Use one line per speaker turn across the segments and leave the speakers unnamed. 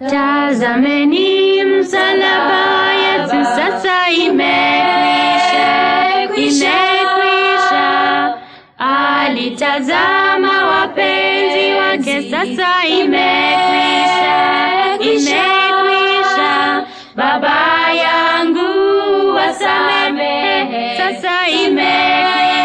Tazameni msalaba yetu sasa imekwisha, imekwisha. Alitazama wapenzi wake sasa imekwisha, imekwisha. Baba yangu wasamehe sasa imekwisha.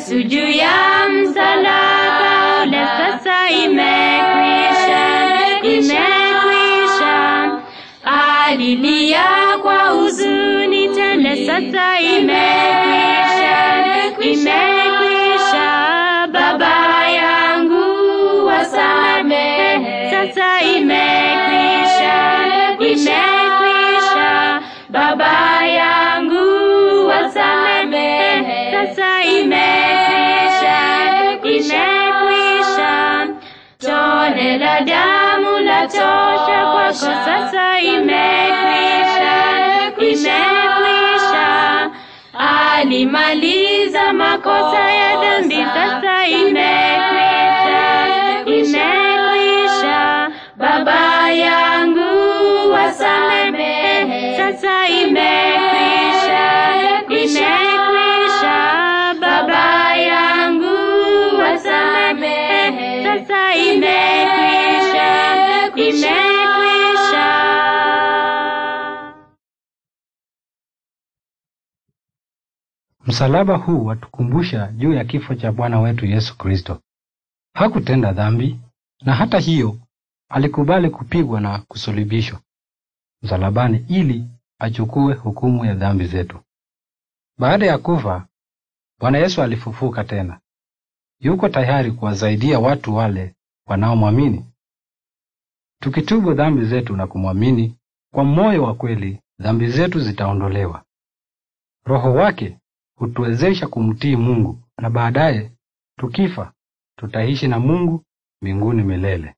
Yesu juu ya msalaba ule sasa imekwisha, imekwisha. Alilia kwa huzuni tele, sasa imekwisha, imekwisha. Baba yangu wasamehe, sasa ime Bonde la damu la tosha kwako, sasa imekwisha, imekwisha. Alimaliza makosa ya dhambi, sasa imekwisha, imekwisha. Baba yangu wasamehe, sasa imekwisha, imekwisha. Baba yangu wasamehe, sasa imekwisha.
Msalaba huu watukumbusha juu ya kifo cha Bwana wetu Yesu Kristo. Hakutenda dhambi na hata hiyo alikubali kupigwa na kusulubishwa msalabani ili achukue hukumu ya dhambi zetu. Baada ya kufa, Bwana Yesu alifufuka tena. Yuko tayari kuwasaidia watu wale wanaomwamini. Tukitubu dhambi zetu na kumwamini kwa moyo wa kweli, dhambi zetu zitaondolewa. Roho wake hutuwezesha kumtii Mungu na baadaye tukifa tutaishi na Mungu mbinguni milele.